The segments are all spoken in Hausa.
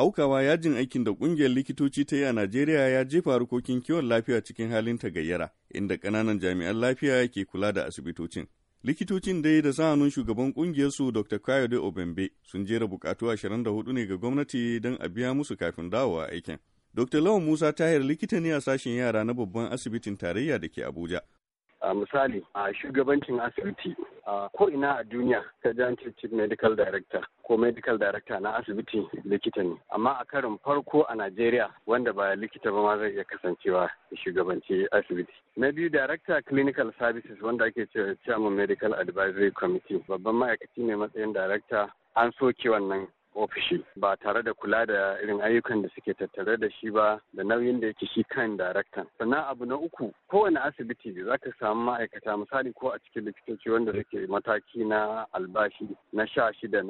aukawa yajin aikin da kungiyar likitoci ta yi a Najeriya ya jefa harkokin kiwon lafiya cikin halin ta gayyara, inda ƙananan jami'an lafiya ke kula da asibitocin. Likitocin dai da sa shugaban shugaban ƙungiyarsu Dr. Kayode Obembe sun jera bukatu 24 ne ga gwamnati don a biya musu kafin dawowa aikin. Dr. Lawan Musa Tahir likita ne a sashen yara na babban asibitin tarayya da ke Abuja, misali a shugabancin asibiti a ina a duniya ka ji chief medical director ko medical director na asibiti likita ne amma a karin farko a najeriya wanda ba likita ba ma zai iya kasancewa shugabanci asibiti na biyu director clinical services wanda ake cewa chairman medical advisory committee babban ma'aikaci ne matsayin director an soke wannan ofishi ba tare da kula da irin ayyukan da suke tattare da shi ba da nauyin da yake shi kan daraktan sannan abu na uku kowane asibiti za ka samu ma'aikata misali ko a cikin likitoci wanda suke mataki na albashi na sha shida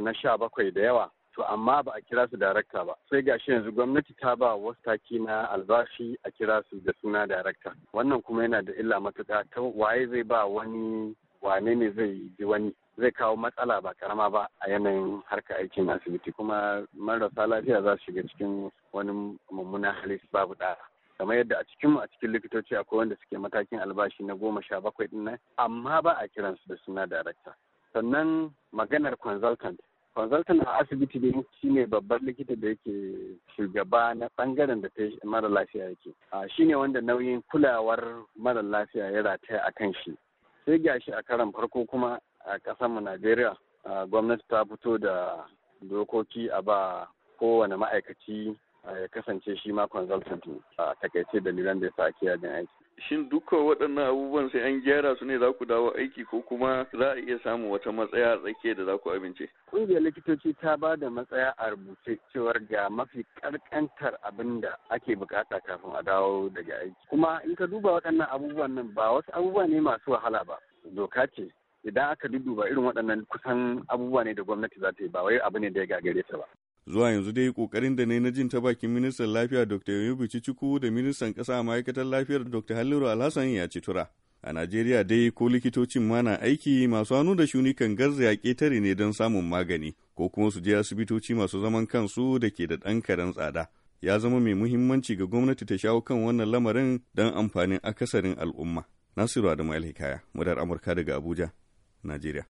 na sha bakwai da yawa to amma ba a kira su darakta ba sai gashi yanzu gwamnati ta ba wasu taki na albashi a kira su da suna darakta wannan kuma yana da illa matuƙa ta waye zai ba wani wane ne zai ji wani zai kawo matsala ba karama ba a yanayin harka aikin asibiti kuma marasa lafiya za su shiga cikin wani mummunan hali babu ɗara kamar yadda a cikin a cikin likitoci akwai wanda suke matakin albashi na goma sha bakwai din nan amma ba a kiransu da suna darakta sannan maganar consultant consultant a asibiti ne shi ne babban likita da yake shugaba na bangaren da ta mara lafiya yake shi ne wanda nauyin kulawar mara lafiya ya rataya a kan shi sai gashi a karan farko kuma a ƙasarmu najeriya gwamnati ta fito da dokoki a ba kowane ma'aikaci ya kasance shi ma consultant a takaice dalilan da ya sa ake yajin aiki shin duka waɗannan abubuwan sai an gyara su ne za ku dawo aiki ko kuma za a iya samun wata matsaya a tsakiya da za ku amince? Ƙungiyar likitoci ta ba da matsaya a rubuce cewar ga mafi ƙarƙantar abin da ake buƙata kafin a dawo daga aiki. Kuma in ka duba waɗannan abubuwan nan ba wasu abubuwa ne masu wahala ba. Doka ce idan aka duduba irin waɗannan kusan abubuwa ne da gwamnati za ta yi ba wai abu ne da ya gagare ta ba. Zuwa yanzu dai kokarin da na jin ta bakin ministan lafiya Dr. yubi Ciku da ministan kasa ma'aikatar lafiyar Dr. Halliru Alhassan ya ci tura. A Najeriya dai ko likitocin ma na aiki masu hannu da shuni kan garzaya ƙetare ne don samun magani ko kuma su je asibitoci masu zaman kansu da ke da ɗan karen tsada. Ya zama mai muhimmanci ga gwamnati ta shawo kan wannan lamarin don amfanin akasarin al'umma. Nasiru Adamu Alhikaya, Mudar Amurka daga Abuja, Najeriya.